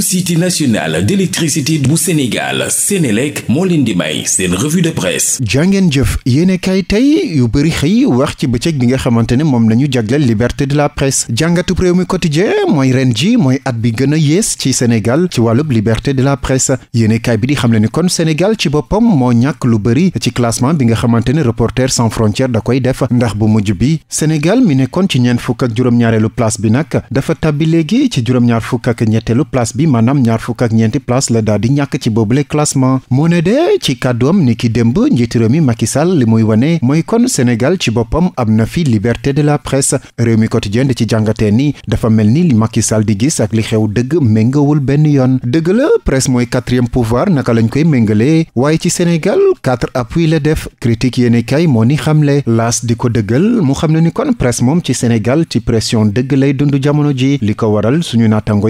société nationale d'électricité bu Sénégal Sénélec moo leen di may seen revue de presse jàngeen jëf yéene kay tey yu bëri xëy wax ci bëccëg bi nga xamante ne moom la ñu jagleel liberté de la presse jàngatub réew mi quotidien mooy ren ji mooy at bi gën a yées ci Sénégal ci wàllub liberté de la presse yéene kay bi di xam le ni kon Sénégal ci boppam moo ñàkk lu bëri ci classement bi nga xamante ne Reporters sans frontières da koy def ndax bu mujj bi Sénégal mi nekkoon ci ñeent fukk ak juróom-ñaareelu place bi nag dafa tàbbi léegi ci juróom-ñaar fukk ak ñetteelu place bi maanaam ñaar fukk ak ñeenti place la daal di ñàkk ci boobu boobule classement moo ne de ci kàddoom ni ki démb njiitu réew mi Macky Sall li muy wane mooy kon Sénégal ci boppam am na fi liberté de la presse réew mi quotidien di ci jàngatee ni dafa mel ni li Macky Sall di gis ak li xew dëgg méngawul benn yoon dëgg la presse mooy quatrième pouvoir naka lañ koy méngalee waaye ci Sénégal quatre appui la def critique yéene kay moo ni xamle laas di ko dëggal mu xam ne ni kon presse moom ci Sénégal ci pression dëgg lay dund jamono ji li ko waral suñu naatango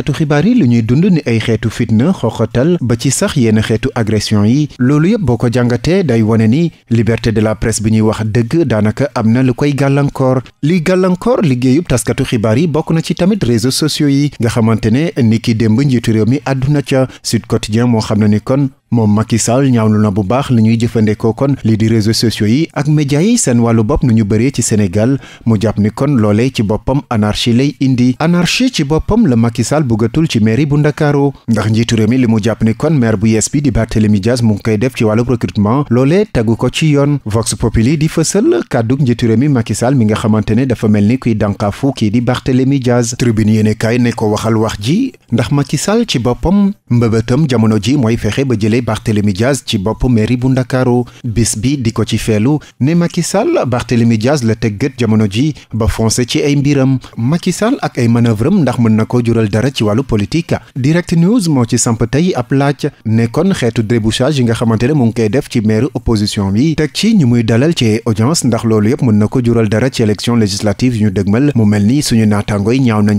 taskatu xibaar yi lu ñuy dund ni ay xeetu fitna xoxatal ba ci sax yenn xeetu agression yi loolu yëpp boo ko jàngatee day wone ni liberté de la presse bi ñuy wax dëgg daanaka am na lu koy gàllankoor li gàllankoor liggéeyub taskatu xibaar yi bokk na ci tamit réseaux sociaux yi nga xamante ne ni ki démb njiitu réew mi àdduna ca Sud Quotidien moo xam ne ni kon moom Macky Sall ñaawlu na bu baax li ñuy jëfandikoo kon lii di réseaux sociaux yi ak média yi seen wàllu bopp nu ñu bëree ci Sénégal mu jàpp ni kon loole ci boppam anarchi lay indi anarchie ci boppam la Macky Sall bëggatul ci mairie bu Ndakaaru ndax njiitu réew mi li mu jàpp ni kon maire bu yees bi di Barthélémy Dias mu ngi koy def ci wàllu recrutement loole tegu ko ci yoon Vox Populi di fësal kàddug njiitu réew mi Macky Sall mi nga xamante ne dafa mel ni kuy dànkaafu kii di Barthélémy Dias tribune yéene kaay ne ko waxal wax ji ndax Macky Sall ci boppam mbëbëtam jamono ji mooy fexe ba jëlee jàppale Barthélémy Diaz ci bopp mairie bu Ndakaaru bis bi di ko ci feelu ne Macky Barthélémy Diaz la teggat jamono ji ba foncé ci ay mbiram Macky Sall ak ay manœuvre am ndax mën na ko jural dara ci wàllu politique Direct News moo ci samp tey ab laaj ne kon xeetu débouchage yi nga xamante ne mu ngi koy def ci maire opposition bi teg ci ñu muy dalal ci audience ndax loolu yëpp mën na ko jural dara ci élection législative yu ñu dëgmal mu mel ni suñu naataango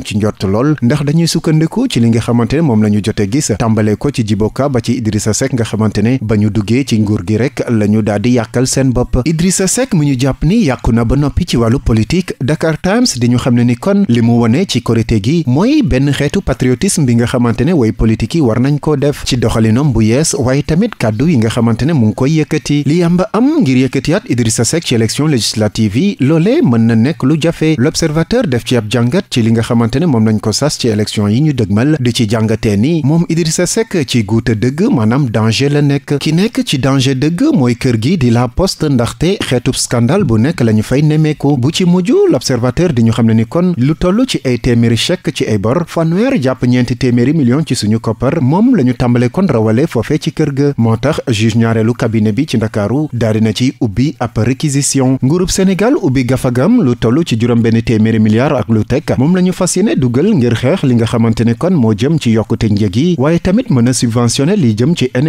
ci njort lool ndax dañuy sukkandiku ci li nga xamante rek nga xamante ne ba ñu duggee ci nguur gi rek la ñu daal di yàqal seen bopp Idrissa Seck mu ñu jàpp ni yàqu na ba noppi ci wàllu politique Dakar Times di ñu xam ne ni kon li mu wone ci korite gi mooy benn xeetu patriotisme bi nga xamante ne way politique yi war nañ koo def ci doxalinom bu yees waaye tamit kàddu yi nga xamante ne mu ngi koy yëkkati li am ba am ngir yëkkatiyaat Idrissa Seck ci élection législative yi loole mën na nekk lu jafe l'observateur def ci ab jàngat ci li nga xamante ne moom lañ ko sas ci élection yi ñu dëgmal di ci jàngatee ni moom Idrissa Seck ci guuta dëgg danger la nekk ki nekk ci danger dëgg mooy kër gi di la poste ndaxte xeetub scandale bu nekk la ñu fay nemmeeku bu ci mujj l'observateur di ñu xam ne ni kon lu toll ci ay téeméeri chèque ci ay bor fanweer jàpp ñeenti téeméeri million ci suñu koppar moom lañu tàmbale kon rawale foofee ci kër ga moo tax juge ñaareelu cabinet bi ci ndakaaru daadi na ci ubbi ab réquisition nguurub Sénégal ubbi gafagam lu toll ci juróom benn téeméeri milliards ak lu te moom la ñu fas yéene dugal ngir xeex li nga xamante ne kon moo jëm ci yokkute njëg yi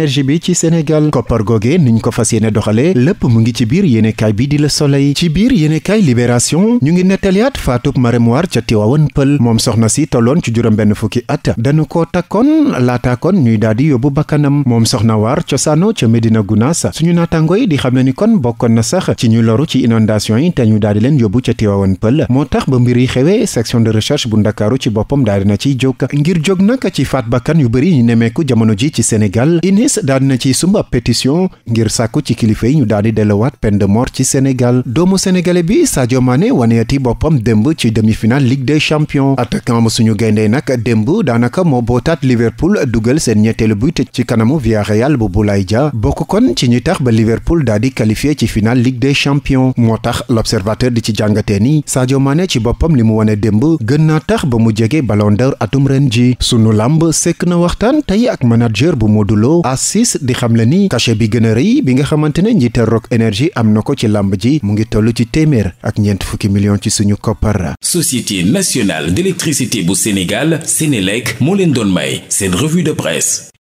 énergie bi ci Sénégal koppar googe niñ ko fas yéene doxale lépp mu ngi ci biir yenekaay bi di la Soleil ci biir yéenekaay Libération ñu ngi nettaliyaat faatub Marème War ca Tiwaawan Pël moom soxna si tolloon ci juróom benn fukki at dañu ko takkoon laataakoon ñuy daal di yóbbu bakkanam moom soxna War cosaano ca Medina Gunaas suñu naataango yi di xam ne ni kon bokkoon na sax ci ñu loru ci inondation yi te ñu daal di leen yóbbu ca Tiwaawan Pël moo tax ba mbir yi xewee section de recherche bu Ndakaaru ci boppam daal dina ciy jóg ngir jóg nag ci faat bakkan yu bëri ñu nemeeku jamono ji ci Sénégal Thiès daal ci sumb ab pétition ngir sàkku ci kilifa yi ñu daal di delluwaat peine ci Sénégal doomu sénégalais bi Sadio Mané waneeti boppam démb ci demi-finale Ligue des champions attaquant suñu gayndee nag démb daanaka moo bootaat Liverpool dugal seen ñetteelu but ci kanamu Villarreal bu Boulaye Dia bokk kon ci ñuy tax ba Liverpool daal di qualifié ci finale Ligue des champions moo tax l'observateur di ci jàngatee ni Sadio Mané ci boppam li mu wane démb gën naa tax ba mu jege Ballon atum ren ji sunu làmb sekk na waxtaan tey ak manager bu moduloo CIS di xam le ni cachet bi gën a rëy bi nga xamante ne njiital Rock Énergie am na ko ci làmb ji mu ngi toll ci téeméer ak ñeent fukki million ci suñu koppar. Société nationale d'électricité bu Sénégal Sénélec moo leen doon may seen revue de presse.